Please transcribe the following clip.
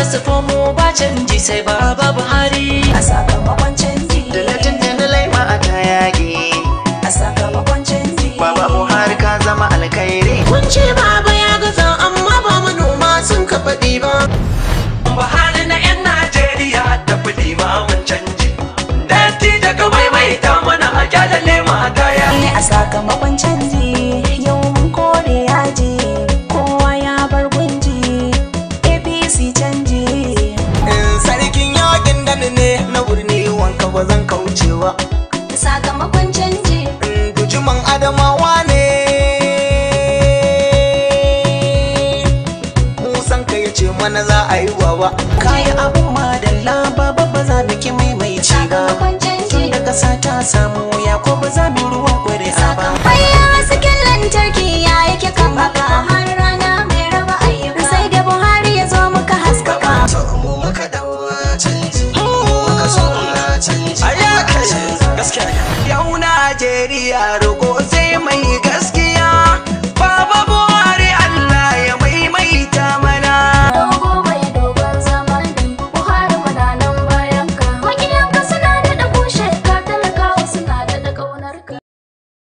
rasa mu ba canji sai ba baba buhari a sakamakon canji da latin da na laima a ta yage a sakamakon canji baba buhari ka zama alkhairi kun ce baba ya gaza amma ba manoma sun ka faɗi ba buhari na yan najeriya da kuɗi ma mun canji dati ka maimaita mana a gyalale ma ta yage a sakamakon canji bana za a yi wawa kayi abun da laba ba za mu biki maimaici ba tun da kasa ta samu ya ko ba za mu ruwan a ba bayan hasken lantarki ya yake kan har rana mai raba ayyuka sai da buhari ya zo muka haskaka hmm. na najeriya